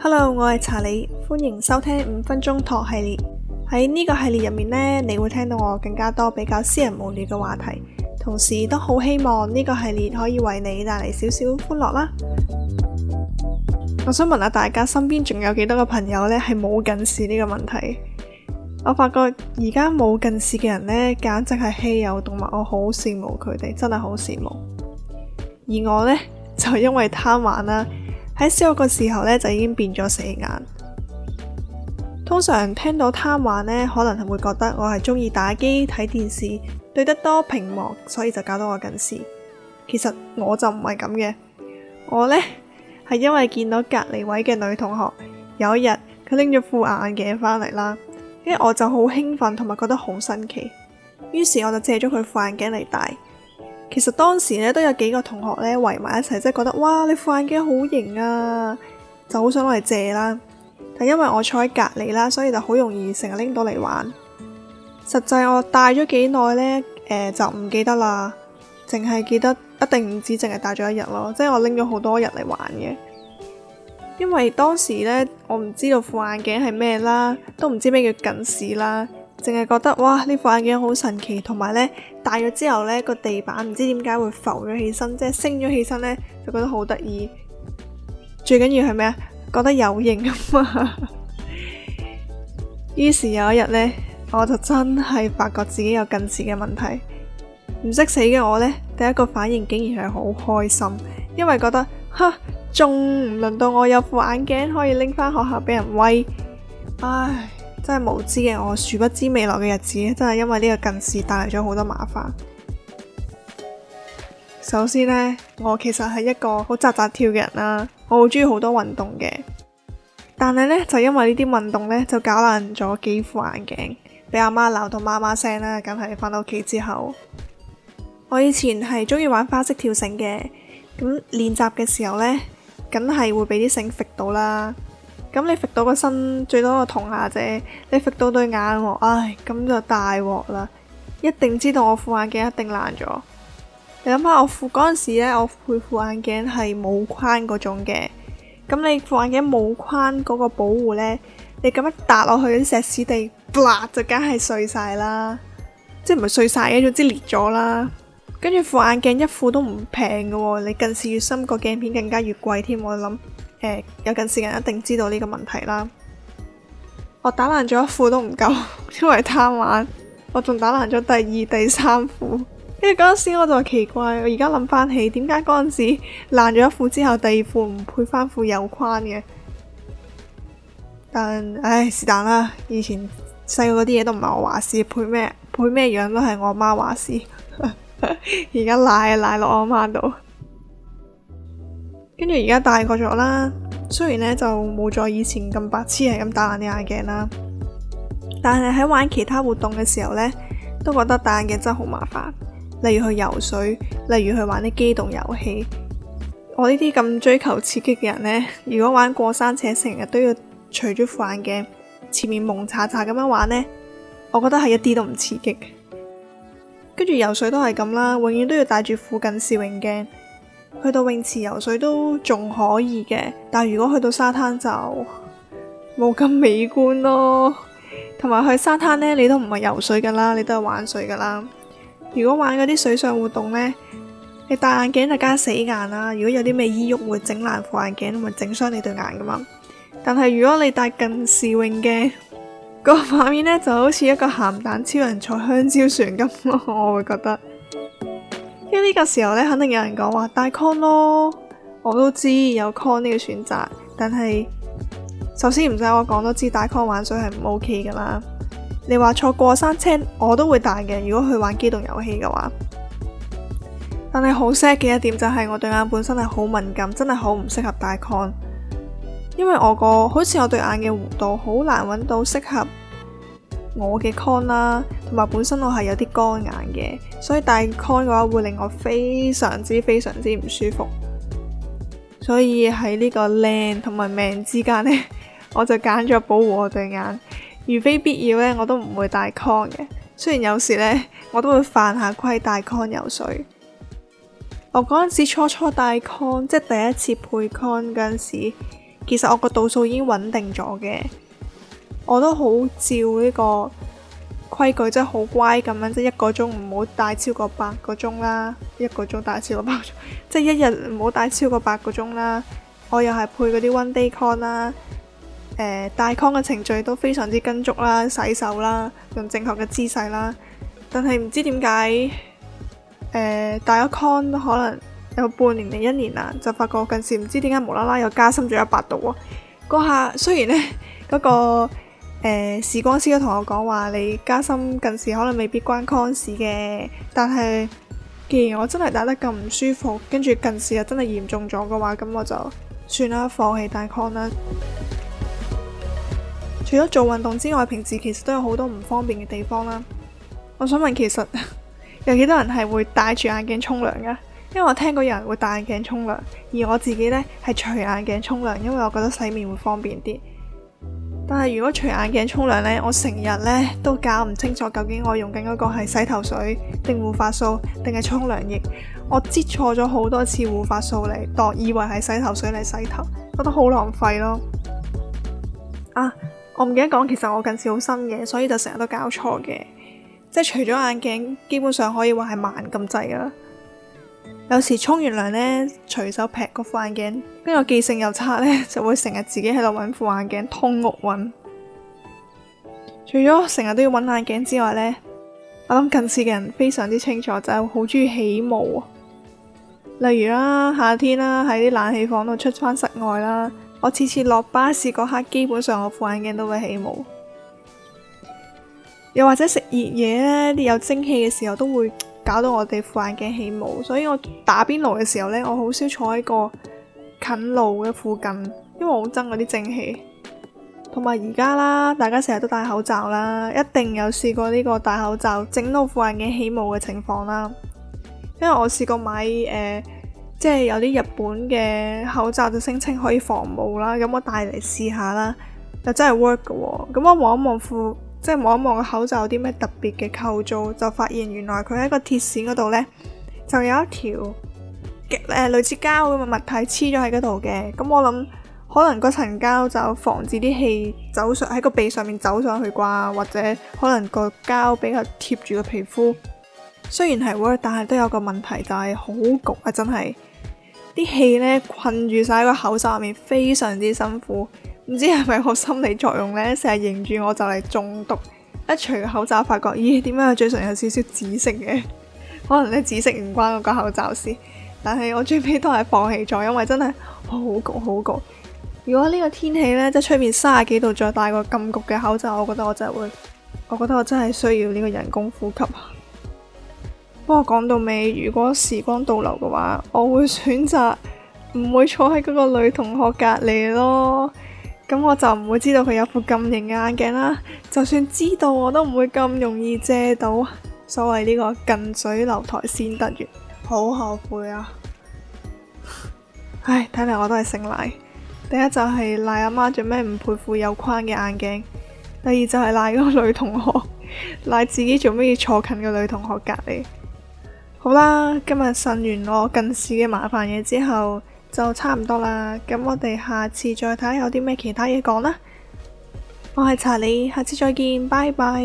Hello，我係查理，歡迎收聽五分鐘托系列。喺呢個系列入面呢，你會聽到我更加多比較私人無聊嘅話題，同時都好希望呢個系列可以為你帶嚟少少歡樂啦。我想問下大家，身邊仲有幾多個朋友呢係冇近視呢個問題？我發覺而家冇近視嘅人呢，簡直係稀有動物，我好羨慕佢哋，真係好羨慕。而我呢……就因為貪玩啦，喺小學嘅時候呢，就已經變咗四眼。通常聽到貪玩呢，可能係會覺得我係中意打機睇電視，對得多屏幕，所以就搞到我近視。其實我就唔係咁嘅，我呢，係因為見到隔離位嘅女同學有一日佢拎咗副眼鏡返嚟啦，跟住我就好興奮同埋覺得好新奇，於是我就借咗佢副眼鏡嚟戴。其實當時咧都有幾個同學咧圍埋一齊，即係覺得哇，你副眼鏡好型啊，就好想攞嚟借啦。但因為我坐喺隔籬啦，所以就好容易成日拎到嚟玩。實際我戴咗幾耐呢，誒就唔記得啦，淨係記得一定唔止淨係戴咗一日咯，即係我拎咗好多日嚟玩嘅。因為當時咧我唔知道副眼鏡係咩啦，都唔知咩叫近視啦。淨係覺得哇，呢副眼鏡好神奇，同埋呢戴咗之後呢個地板唔知點解會浮咗起身，即係升咗起身呢，就覺得好得意。最緊要係咩啊？覺得有型啊嘛。 於是有一日呢，我就真係發覺自己有近視嘅問題。唔識死嘅我呢，第一個反應竟然係好開心，因為覺得哈，仲唔輪到我有副眼鏡可以拎返學校俾人威。唉。真係無知嘅我，殊不知未來嘅日子真係因為呢個近視帶嚟咗好多麻煩。首先呢，我其實係一個好扎扎跳嘅人啦，我好中意好多運動嘅，但係呢，就因為呢啲運動呢，就搞爛咗幾副眼鏡，俾阿媽鬧到媽媽聲啦，梗係返到屋企之後，我以前係中意玩花式跳繩嘅，咁練習嘅時候呢，梗係會俾啲繩揈到啦。咁你揈到個身最多個銅下啫，你揈到對眼，唉，咁就大鑊啦！一定知道我副眼鏡一定爛咗。你諗下，我副嗰陣時呢，我配副眼鏡係冇框嗰種嘅。咁你副眼鏡冇框嗰個保護呢，你咁一搭落去啲石屎地，嗙就梗係碎晒啦，即係唔係碎晒嘅，總之裂咗啦。跟住副眼鏡一副都唔平嘅喎，你近視越深，個鏡片更加越貴添，我諗。欸，有近視嘅一定知道呢個問題啦。我打爛咗一副都唔夠，因為貪玩，我仲打爛咗第二、第三副。跟住嗰陣時我就奇怪，我而家諗翻起，點解嗰陣時爛咗一副之後，第二副唔配翻副有框嘅？但唉，是但啦。以前細個啲嘢都唔係我話事，配咩配咩樣都係我媽話事。而家賴啊賴落我媽度。跟住而家大個咗啦，雖然咧就冇再以前咁白痴係咁戴眼啲眼鏡啦，但係喺玩其他活動嘅時候咧，都覺得戴眼鏡真係好麻煩。例如去游水，例如去玩啲機動遊戲，我呢啲咁追求刺激嘅人咧，如果玩過山車，成日都要除咗副眼鏡，前面蒙查查咁樣玩咧，我覺得係一啲都唔刺激。跟住游水都係咁啦，永遠都要戴住副近視泳鏡。去到泳池游水都仲可以嘅，但係如果去到沙灘就冇咁美觀咯。同埋去沙灘呢，你都唔係游水噶啦，你都係玩水噶啦。如果玩嗰啲水上活動呢，你戴眼鏡就加死眼啦。如果有啲咩一郁會整爛副眼鏡，咪整傷你對眼噶嘛。但係如果你戴近視泳鏡，嗰個畫面呢就好似一個鹹蛋超人坐香蕉船咁咯，我會覺得。因為呢個時候咧，肯定有人講話戴 Con 咯，我都知有 Con 呢個選擇。但係首先唔使我講都知，戴 Con 玩水係唔 OK 噶啦。你話坐過山車我都會戴嘅，如果去玩機動遊戲嘅話。但係好 sad 嘅一點就係，我對眼本身係好敏感，真係好唔適合戴 Con，因為我個好似我對眼嘅弧度好難揾到適合。我嘅 con 啦，同埋本身我係有啲乾眼嘅，所以戴 con 嘅話會令我非常之非常之唔舒服。所以喺呢個靚同埋命之間呢，我就揀咗保護我對眼，如非必要呢，我都唔會戴 con 嘅。雖然有時呢，我都會犯下規戴 con 游水。我嗰陣時初初戴 con，即係第一次配 con 嗰陣時，其實我個度數已經穩定咗嘅。我都好照呢個規矩，即係好乖咁樣，即係一個鐘唔好戴超過八個鐘啦，一個鐘戴超過八個鐘，即係一日唔好戴超過八個鐘啦。我又係配嗰啲 one day con 啦、呃，誒戴 con 嘅程序都非常之跟足啦，洗手啦，用正確嘅姿勢啦。但係唔知點解誒戴咗 con 可能有半年定一年啦，就發覺近視唔知點解無啦啦又加深咗一百度喎。嗰下雖然呢，嗰、 嗰個。誒視光師都同我講話，你加深近視可能未必關 Con 事嘅，但係既然我真係打得咁唔舒服，跟住近視又真係嚴重咗嘅話，咁我就算啦，放棄戴康啦。除咗做運動之外，平時其實都有好多唔方便嘅地方啦。我想問，其實 有幾多人係會戴住眼鏡沖涼㗎？因為我聽過有人會戴眼鏡沖涼，而我自己呢，係除眼鏡沖涼，因為我覺得洗面會方便啲。但係如果除眼鏡沖涼呢，我成日呢都搞唔清楚究竟我用緊嗰個係洗頭水、定護髮素、定係沖涼液。我擠錯咗好多次護髮素嚟，度以為係洗頭水嚟洗頭，覺得好浪費咯。啊，我唔記得講，其實我近視好深嘅，所以就成日都搞錯嘅。即係除咗眼鏡，基本上可以話係盲咁滯啦。有時沖完涼呢，隨手劈個副眼鏡，跟住我記性又差呢，就會成日自己喺度揾副眼鏡，通屋揾。除咗成日都要揾眼鏡之外呢，我諗近視嘅人非常之清楚，就係好中意起霧。例如啦，夏天啦，喺啲冷氣房度出翻室外啦，我次次落巴士嗰刻，基本上我副眼鏡都會起霧。又或者食熱嘢呢，啲有蒸汽嘅時候都會。搞到我哋副眼鏡起霧，所以我打邊爐嘅時候呢，我好少坐喺個近路嘅附近，因為我好憎嗰啲蒸汽。同埋而家啦，大家成日都戴口罩啦，一定有試過呢個戴口罩整到副眼鏡起霧嘅情況啦。因為我試過買誒、呃，即係有啲日本嘅口罩就聲稱可以防霧啦，咁我戴嚟試下啦，又真係 work 㗎喎。咁我望一望副。即係望一望個口罩有啲咩特別嘅構造，就發現原來佢喺個鐵線嗰度呢，就有一條誒、呃、類似膠咁嘅物體黐咗喺嗰度嘅。咁、嗯、我諗可能個層膠就防止啲氣走上喺個鼻上面走上去啩，或者可能個膠比較貼住個皮膚。雖然係 work 但係都有個問題就係、是、好焗啊！真係啲氣呢，困住晒喺個口罩入面，非常之辛苦。唔知係咪個心理作用呢？成日諗住我就嚟中毒。一除口罩，發覺咦，點解我嘴唇有少少紫色嘅？ 可能呢紫色唔關我個口罩事，但係我最尾都係放棄咗，因為真係、哦、好焗好焗。如果呢個天氣呢，即係出面三十幾度，再戴個咁焗嘅口罩，我覺得我真係會，我覺得我真係需要呢個人工呼吸。 不過講到尾，如果時光倒流嘅話，我會選擇唔會坐喺嗰個女同學隔籬咯。咁我就唔會知道佢有副咁型嘅眼鏡啦。就算知道，我都唔會咁容易借到。所謂呢個近水樓台先得月，好後悔啊！唉，睇嚟我都係姓賴。第一就係賴阿媽，做咩唔配副有框嘅眼鏡？第二就係賴嗰個女同學，賴自己做咩要坐近嘅女同學隔籬？好啦，今日呻完我近視嘅麻煩嘢之後。就差唔多啦，咁我哋下次再睇下有啲咩其他嘢講啦。我係查理，下次再見，拜拜。